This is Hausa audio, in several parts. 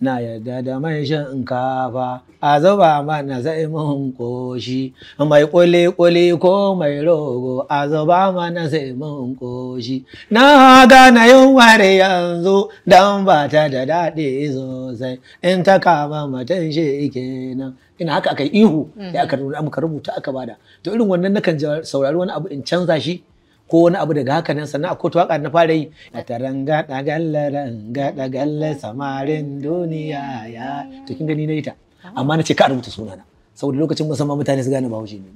na yarda da mai shinkafa a zuba mana sai mun koshi mai kuli ko mai rogo a zuba mana sai mun koshi na gana yunwar yanzu don ba ta da daɗi sosai in ta kama mutum shi kenan ina haka aka ihu da mm. aka rubuta aka bada to irin wannan nakan saurari wani abu in canza shi ko wani abu daga haka nan sannan kotu waka na fara yi a taranga ɗagalla ranga ɗagalla samarin duniya ya to kin gani na ita amma na ce ka rubuta sunana saboda lokacin musamman mutane su gane bahaushe ne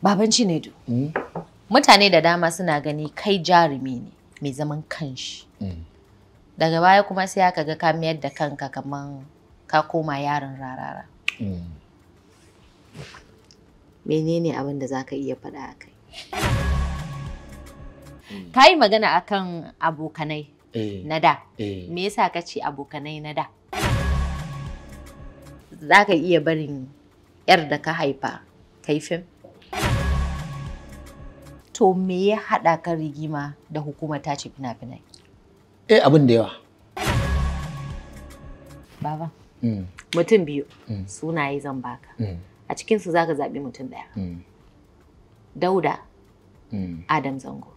Baban du? Hmm? mutane da dama suna gani kai jarumi ne mai zaman kanshi. Hmm. Daga baya kuma sai aka ga ka mayar da kanka kaman ka koma yaron rarara. Hmm. menene abin da zaka iya faɗa a kai hmm. ka yi magana akan abokanai eh. na da eh. me yasa ka ce abokanai na da zaka iya barin yar da ka haifa kaifin to me ya haɗa ka rigima da hukumar ci fina-finai eh abin da yawa baba hmm. mutum biyu hmm. sunaye zan baka a cikinsu za ka zaɓi mutum ɗaya mm. dauda mm. adam zango